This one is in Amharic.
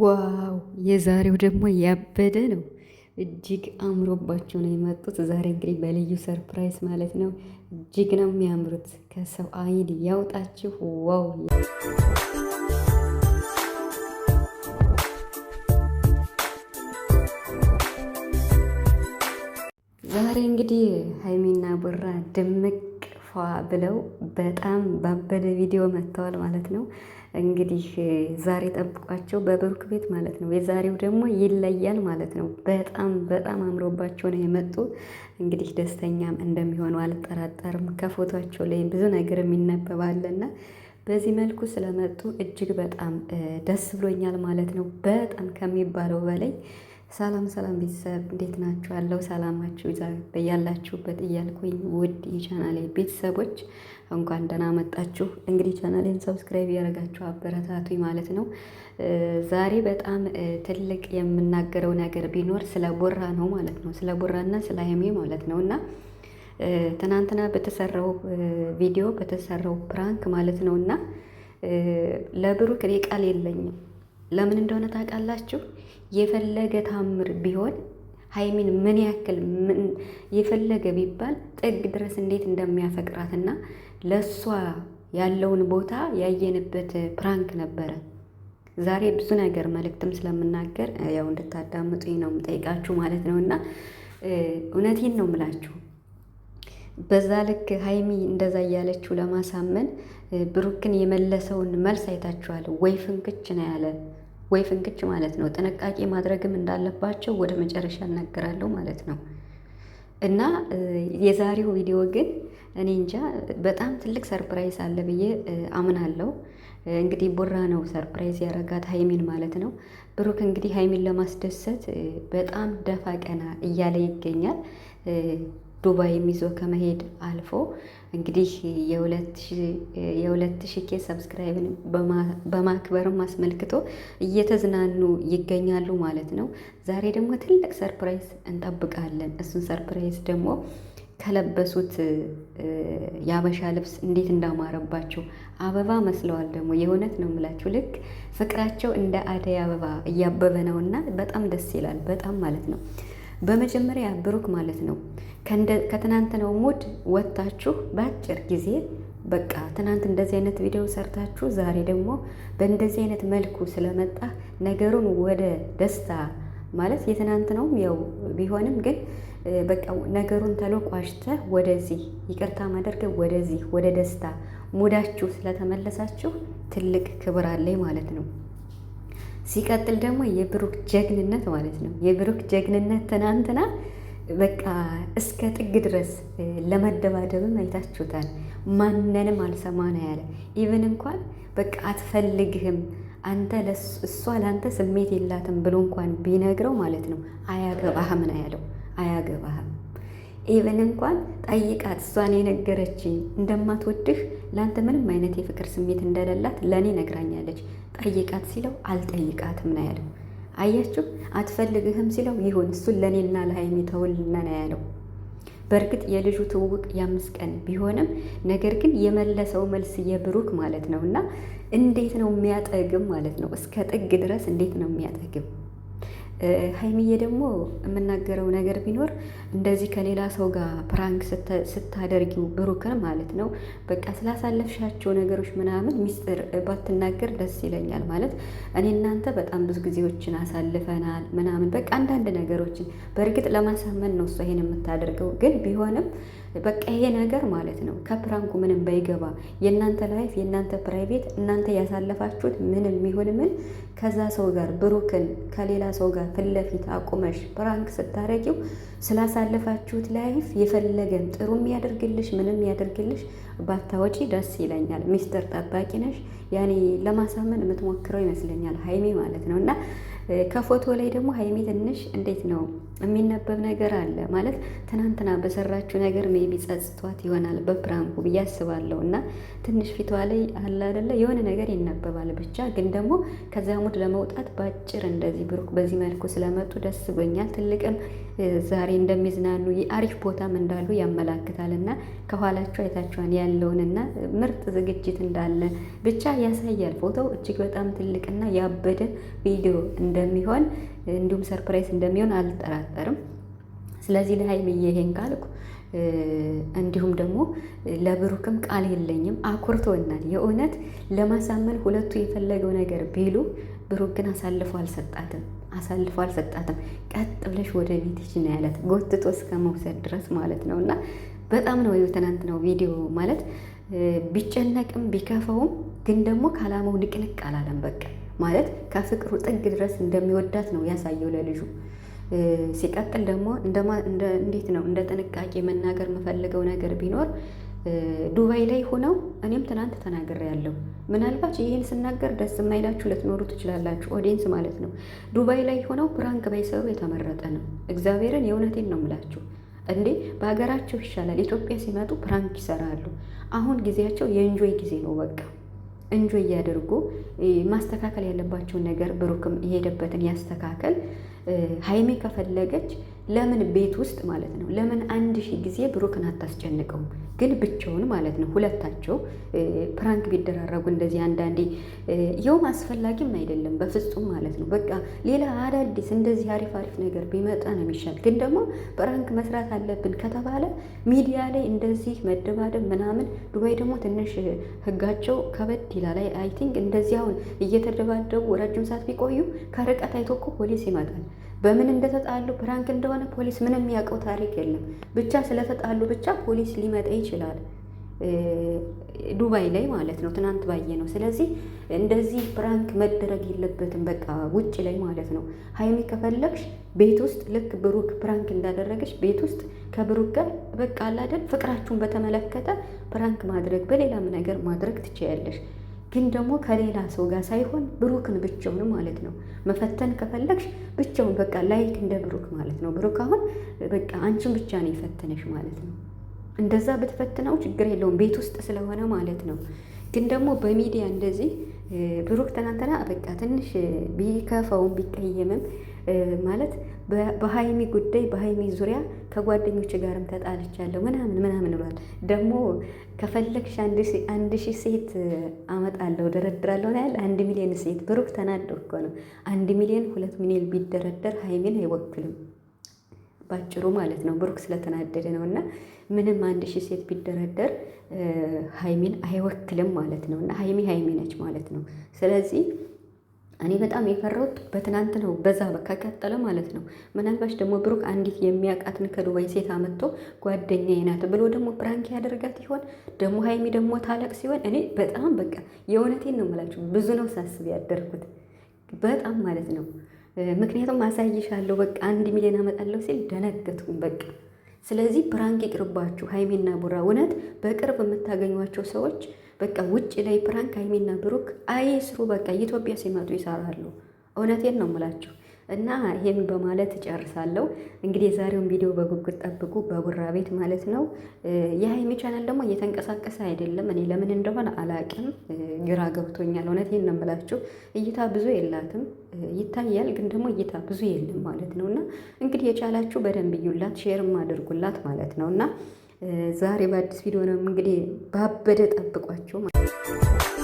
ዋው የዛሬው ደግሞ ያበደ ነው። እጅግ አምሮባቸው ነው የመጡት። ዛሬ እንግዲህ በልዩ ሰርፕራይዝ ማለት ነው። እጅግ ነው የሚያምሩት። ከሰው አይን ያውጣችሁ። ዋው ዛሬ እንግዲህ ሀይሚና ቡራ ድምቅ ፏ ብለው በጣም ባበደ ቪዲዮ መጥተዋል ማለት ነው። እንግዲህ ዛሬ ጠብቋቸው በብሩክ ቤት ማለት ነው። የዛሬው ደግሞ ይለያል ማለት ነው። በጣም በጣም አምሮባቸው ነው የመጡ። እንግዲህ ደስተኛም እንደሚሆኑ አልጠራጠርም። ከፎቷቸው ላይ ብዙ ነገር የሚነበባለና በዚህ መልኩ ስለመጡ እጅግ በጣም ደስ ብሎኛል ማለት ነው። በጣም ከሚባለው በላይ ሰላም ሰላም ቤተሰብ እንዴት ናችሁ? አለው ሰላማችሁ ይዛ በያላችሁበት እያልኩኝ ውድ የቻናሌ ቤተሰቦች እንኳን ደህና መጣችሁ። እንግዲህ ቻናሌን ሰብስክራይብ ያደረጋችሁ አበረታቱኝ ማለት ነው። ዛሬ በጣም ትልቅ የምናገረው ነገር ቢኖር ስለ ቦራ ነው ማለት ነው። ስለ ቦራና ስለ ሀይሜ ማለት ነው እና ትናንትና በተሰራው ቪዲዮ በተሰራው ፕራንክ ማለት ነው እና ለብሩክ እኔ ቃል የለኝም ለምን እንደሆነ ታውቃላችሁ? የፈለገ ታምር ቢሆን ሀይሚን ምን ያክል የፈለገ ቢባል ጥግ ድረስ እንዴት እንደሚያፈቅራት እና ለእሷ ያለውን ቦታ ያየንበት ፕራንክ ነበረ። ዛሬ ብዙ ነገር መልእክትም ስለምናገር ያው እንድታዳምጡኝ ነው የምጠይቃችሁ ማለት ነው። እና እውነቴን ነው የምላችሁ በዛ ልክ ሀይሚ እንደዛ እያለችው ለማሳመን ብሩክን የመለሰውን መልስ አይታችኋል ወይ? ፍንክች ነው ያለ ወይ ፍንክች ማለት ነው። ጥንቃቄ ማድረግም እንዳለባቸው ወደ መጨረሻ እናገራለሁ ማለት ነው። እና የዛሬው ቪዲዮ ግን እኔ እንጃ በጣም ትልቅ ሰርፕራይዝ አለ ብዬ አምናለሁ። እንግዲህ ቡራ ነው ሰርፕራይዝ ያረጋት ሀይሚን ማለት ነው። ብሩክ እንግዲህ ሀይሚን ለማስደሰት በጣም ደፋ ቀና እያለ ይገኛል። ዱባይ የሚዞ ከመሄድ አልፎ እንግዲህ የሁለት ሺ ኬ ሰብስክራይብን በማክበርም አስመልክቶ እየተዝናኑ ይገኛሉ ማለት ነው። ዛሬ ደግሞ ትልቅ ሰርፕራይዝ እንጠብቃለን። እሱን ሰርፕራይዝ ደግሞ ከለበሱት የአበሻ ልብስ እንዴት እንዳማረባቸው አበባ መስለዋል። ደግሞ የእውነት ነው የምላችሁ፣ ልክ ፍቅራቸው እንደ አደይ አበባ እያበበ ነውና በጣም ደስ ይላል። በጣም ማለት ነው በመጀመሪያ ብሩክ ማለት ነው ከትናንትናው ሙድ ወጥታችሁ በአጭር ጊዜ በቃ ትናንት እንደዚህ አይነት ቪዲዮ ሰርታችሁ ዛሬ ደግሞ በእንደዚህ አይነት መልኩ ስለመጣ ነገሩን ወደ ደስታ ማለት ነው ያው ቢሆንም ግን በቃ ነገሩን ተለቋሽተ ወደዚህ ይቅርታ ማደርገ ወደዚህ ወደ ደስታ ሙዳችሁ ስለተመለሳችሁ ትልቅ ክብር አለኝ ማለት ነው። ሲቀጥል ደግሞ የብሩክ ጀግንነት ማለት ነው። የብሩክ ጀግንነት ትናንትና በቃ እስከ ጥግ ድረስ ለመደባደብም አይታችሁታል። ማንንም አልሰማ ነው ያለ። ኢቨን እንኳን በቃ አትፈልግህም አንተ እሷ ለአንተ ስሜት የላትም ብሎ እንኳን ቢነግረው ማለት ነው አያገባህም ነው ያለው። አያገባህም ኢቨን እንኳን ጠይቃት እሷን የነገረችኝ እንደማትወድህ ለአንተ ምንም አይነት የፍቅር ስሜት እንደሌላት ለእኔ ነግራኛለች። ጠይቃት ሲለው አልጠይቃትም ነው ያለው። አያችሁ፣ አትፈልግህም ሲለው ይሁን እሱን ለእኔና ለሀይሚ ተውልና ነው ያለው። በእርግጥ የልጁ ትውውቅ የአምስት ቀን ቢሆንም ነገር ግን የመለሰው መልስ የብሩክ ማለት ነው እና እንዴት ነው የሚያጠግም ማለት ነው። እስከ ጥግ ድረስ እንዴት ነው የሚያጠግም? ሀይሚዬ ደግሞ የምናገረው ነገር ቢኖር እንደዚህ ከሌላ ሰው ጋር ፕራንክ ስታደርጊው ብሩክን ማለት ነው በቃ ስላሳለፍሻቸው ነገሮች ምናምን ሚስጥር ባትናገር ደስ ይለኛል። ማለት እኔ እናንተ በጣም ብዙ ጊዜዎችን አሳልፈናል ምናምን በቃ አንዳንድ ነገሮችን በእርግጥ ለማሳመን ነው እሷ ይሄን የምታደርገው ግን ቢሆንም በቃ ይሄ ነገር ማለት ነው ከፕራንኩ ምንም ባይገባ የእናንተ ላይፍ የእናንተ ፕራይቬት እናንተ ያሳለፋችሁት ምንም ይሁን ምን ከዛ ሰው ጋር ብሩክን ከሌላ ሰው ጋር ፊት ለፊት አቁመሽ ፕራንክ ስታረጊው ስላሳለፋችሁት ላይፍ የፈለገን ጥሩ ያደርግልሽ ምንም ያደርግልሽ ባታወጪ ደስ ይለኛል። ሚስጥር ጠባቂ ነሽ። ያኔ ለማሳመን የምትሞክረው ይመስለኛል ሀይሜ ማለት ነው። እና ከፎቶ ላይ ደግሞ ሀይሜ ትንሽ እንዴት ነው የሚነበብ ነገር አለ ማለት ትናንትና በሰራችው ነገር ሜቢ ጸጽቷት ይሆናል በፕራንኩ ብዬ አስባለሁ። እና ትንሽ ፊቷ ላይ አለ አይደለ የሆነ ነገር ይነበባል። ብቻ ግን ደግሞ ከዚያ ሙድ ለመውጣት ባጭር እንደዚህ ብሩክ በዚህ መልኩ ስለመጡ ደስ ብሎኛል። ትልቅም ዛሬ እንደሚዝናኑ አሪፍ ቦታም እንዳሉ ያመላክታል። እና ከኋላቸው አይታችኋል ያለውንና ምርጥ ዝግጅት እንዳለ ብቻ ያሳያል። ፎቶው እጅግ በጣም ትልቅና ያበደ ቪዲዮ እንደሚሆን እንዲሁም ሰርፕራይዝ እንደሚሆን አልጠራጠርም። ስለዚህ ለሀይሚዬ ይሄን ካልኩ እንዲሁም ደግሞ ለብሩክም ቃል የለኝም። አኩርቶናል። የእውነት ለማሳመን ሁለቱ የፈለገው ነገር ቢሉ ብሩክ ግን አሳልፎ አልሰጣትም አሳልፎ አልሰጣትም። ቀጥ ብለሽ ወደ ቤትሽ ነው ያለት፣ ጎትቶ እስከ መውሰድ ድረስ ማለት ነው። እና በጣም ነው ትናንት ነው ቪዲዮ ማለት ቢጨነቅም ቢከፈውም ግን ደግሞ ከዓላማው ንቅንቅ አላለም በቃ ማለት ከፍቅሩ ጥግ ድረስ እንደሚወዳት ነው ያሳየው ለልጁ። ሲቀጥል ደግሞ እንዴት ነው እንደ ጥንቃቄ መናገር የምፈልገው ነገር ቢኖር ዱባይ ላይ ሆነው እኔም ትናንት ተናገር ያለው ምናልባት ይህን ስናገር ደስ የማይላችሁ ልትኖሩ ትችላላችሁ፣ ኦዲንስ ማለት ነው። ዱባይ ላይ ሆነው ፕራንክ ባይሰሩ የተመረጠ ነው። እግዚአብሔርን የእውነቴን ነው የምላችሁ። እንዴ በሀገራቸው ይሻላል። ኢትዮጵያ ሲመጡ ፕራንክ ይሰራሉ። አሁን ጊዜያቸው የእንጆይ ጊዜ ነው በቃ እንጆ እያደርጉ ማስተካከል ያለባቸውን ነገር ብሩክም የሄደበትን ያስተካከል። ሀይሜ ከፈለገች ለምን ቤት ውስጥ ማለት ነው ለምን አንድ ሺህ ጊዜ ብሩክን አታስጨንቀውም? ግን ብቻውን ማለት ነው ሁለታቸው ፕራንክ ቢደራረጉ እንደዚህ አንዳንዴ የውም አስፈላጊም አይደለም በፍጹም ማለት ነው። በቃ ሌላ አዳዲስ እንደዚህ አሪፍ አሪፍ ነገር ቢመጣ ነው የሚሻል። ግን ደግሞ ፕራንክ መስራት አለብን ከተባለ ሚዲያ ላይ እንደዚህ መደባደብ ምናምን፣ ዱባይ ደግሞ ትንሽ ህጋቸው ከበድ ይላል። አይ ቲንክ እንደዚህ አሁን እየተደባደቡ ረጅም ሰዓት ቢቆዩ ከርቀት አይቶ እኮ ፖሊስ ይመጣል። በምን እንደተጣሉ ፕራንክ እንደሆነ ፖሊስ ምንም የሚያውቀው ታሪክ የለም። ብቻ ስለተጣሉ ብቻ ፖሊስ ሊመጣ ይችላል። ዱባይ ላይ ማለት ነው። ትናንት ባየ ነው። ስለዚህ እንደዚህ ፕራንክ መደረግ የለበትም። በቃ ውጭ ላይ ማለት ነው። ሀይሚ ከፈለግሽ ቤት ውስጥ ልክ ብሩክ ፕራንክ እንዳደረገች ቤት ውስጥ ከብሩክ ጋር በቃ አላደል ፍቅራችሁን በተመለከተ ፕራንክ ማድረግ በሌላም ነገር ማድረግ ትችያለሽ። ግን ደግሞ ከሌላ ሰው ጋር ሳይሆን ብሩክን ብቻውን ማለት ነው። መፈተን ከፈለግሽ ብቻውን በቃ ላይክ እንደ ብሩክ ማለት ነው። ብሩክ አሁን በቃ አንቺን ብቻ ነው የፈተነሽ ማለት ነው። እንደዛ ብትፈትነው ችግር የለውም ቤት ውስጥ ስለሆነ ማለት ነው። ግን ደግሞ በሚዲያ እንደዚህ ብሩክ ትናንትና በቃ ትንሽ ቢከፈውም ቢቀየምም ማለት በሀይሚ ጉዳይ በሀይሚ ዙሪያ ከጓደኞች ጋርም ተጣልቻለሁ ምናምን ምናምን ብሏል። ደግሞ ከፈለግሽ አንድ ሺ ሴት አመጣለሁ ደረድራለሁ ያለ አንድ ሚሊዮን ሴት ብሩክ ተናዶ እኮ ነው። አንድ ሚሊዮን ሁለት ሚሊዮን ቢደረደር ሀይሚን አይወክልም። ባጭሩ ማለት ነው። ብሩክ ስለተናደደ ነው። እና ምንም አንድ ሺህ ሴት ቢደረደር ሀይሚን አይወክልም ማለት ነው። እና ሀይሚ ሀይሚ ነች ማለት ነው። ስለዚህ እኔ በጣም የፈራሁት በትናንት ነው። በዛ በቃ ቀጠለ ማለት ነው። ምናልባች ደግሞ ብሩክ አንዲት የሚያውቃትን ከዱባይ ሴት አመጥቶ ጓደኛዬ ናት ብሎ ደግሞ ፕራንክ ያደርጋት ይሆን? ደግሞ ሀይሚ ደግሞ ታለቅ ሲሆን እኔ በጣም በቃ የእውነቴን ነው የምላችሁ ብዙ ነው ሳስብ ያደርኩት በጣም ማለት ነው። ምክንያቱም አሳይሻለሁ በቃ አንድ ሚሊዮን አመጣለሁ ሲል ደነገጥኩኝ በቃ። ስለዚህ ፕራንክ ይቅርባችሁ ሀይሜና ቡራ። እውነት በቅርብ የምታገኟቸው ሰዎች በቃ ውጭ ላይ ፕራንክ ሀይሜና ብሩክ አይስሩ። በቃ ኢትዮጵያ ሲመጡ ይሰራሉ። እውነቴን ነው የምላችሁ። እና ይሄን በማለት እጨርሳለሁ። እንግዲህ የዛሬውን ቪዲዮ በጉጉት ጠብቁ፣ በቡራ ቤት ማለት ነው። የሀይሚ ቻናል ደግሞ እየተንቀሳቀሰ አይደለም። እኔ ለምን እንደሆነ አላቅም፣ ግራ ገብቶኛል። እውነቴን ነው የምላችሁ። እይታ ብዙ የላትም፣ ይታያል፣ ግን ደግሞ እይታ ብዙ የለም ማለት ነው። እና እንግዲህ የቻላችሁ በደንብ እዩላት፣ ሼርም አድርጉላት ማለት ነው እና ዛሬ በአዲስ ቪዲዮ ነው እንግዲህ ባበደ ጠብቋቸው ማለት ነው።